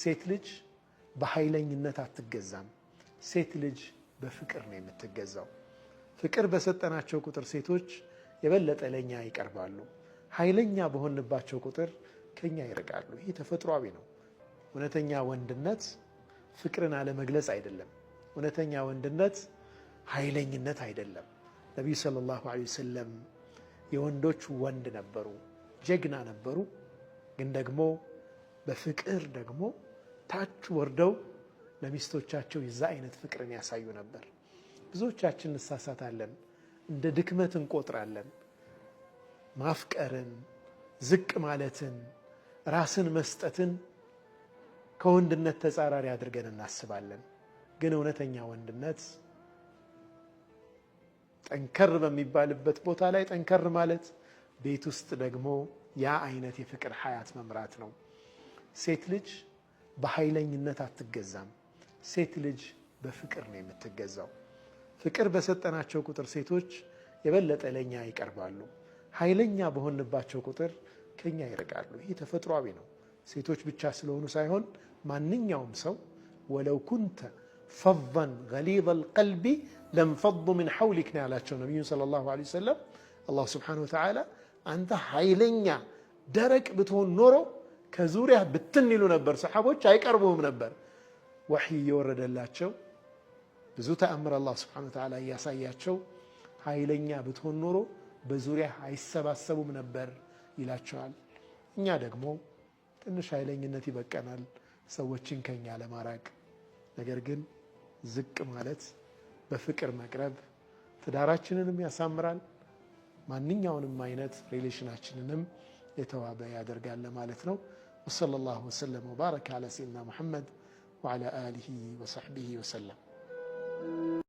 ሴት ልጅ በኃይለኝነት አትገዛም። ሴት ልጅ በፍቅር ነው የምትገዛው። ፍቅር በሰጠናቸው ቁጥር ሴቶች የበለጠ ለኛ ይቀርባሉ። ኃይለኛ በሆንባቸው ቁጥር ከኛ ይርቃሉ። ይህ ተፈጥሯዊ ነው። እውነተኛ ወንድነት ፍቅርን አለመግለጽ አይደለም። እውነተኛ ወንድነት ኃይለኝነት አይደለም። ነቢዩ ሰለላሁ ዐለይሂ ወሰለም የወንዶች ወንድ ነበሩ፣ ጀግና ነበሩ። ግን ደግሞ በፍቅር ደግሞ ታች ወርደው ለሚስቶቻቸው የዛ አይነት ፍቅርን ያሳዩ ነበር። ብዙዎቻችን እንሳሳታለን፣ እንደ ድክመት እንቆጥራለን። ማፍቀርን፣ ዝቅ ማለትን፣ ራስን መስጠትን ከወንድነት ተጻራሪ አድርገን እናስባለን። ግን እውነተኛ ወንድነት ጠንከር በሚባልበት ቦታ ላይ ጠንከር ማለት፣ ቤት ውስጥ ደግሞ ያ አይነት የፍቅር ሀያት መምራት ነው። ሴት ልጅ በኃይለኝነት አትገዛም። ሴት ልጅ በፍቅር ነው የምትገዛው። ፍቅር በሰጠናቸው ቁጥር ሴቶች የበለጠ ለኛ ይቀርባሉ። ኃይለኛ በሆንባቸው ቁጥር ከኛ ይርቃሉ። ይህ ተፈጥሯዊ ነው። ሴቶች ብቻ ስለሆኑ ሳይሆን ማንኛውም ሰው ወለው ኩንተ ፈን ገሊዘ ልቀልቢ ለንፈዱ ምን ሐውሊክ ነው ያላቸው ነቢዩን ሰለላሁ ዐለይሂ ወሰለም። አላህ ስብሓነሁ ወተዓላ አንተ ኃይለኛ ደረቅ ብትሆን ኖረው ከዙሪያ ብትን ይሉ ነበር። ሰሓቦች አይቀርቡም ነበር። ወሕይ እየወረደላቸው ብዙ ተአምር አላህ ስብሓነሁ ወተዓላ እያሳያቸው ኃይለኛ ብትሆን ኖሮ በዙሪያ አይሰባሰቡም ነበር ይላቸዋል። እኛ ደግሞ ትንሽ ኃይለኝነት ይበቀናል ሰዎችን ከኛ ለማራቅ። ነገር ግን ዝቅ ማለት፣ በፍቅር መቅረብ ትዳራችንንም ያሳምራል። ማንኛውንም አይነት ሪሌሽናችንንም يتوابى يادر قال لمالتنا وصلى الله وسلم وبارك على سيدنا محمد وعلى آله وصحبه وسلم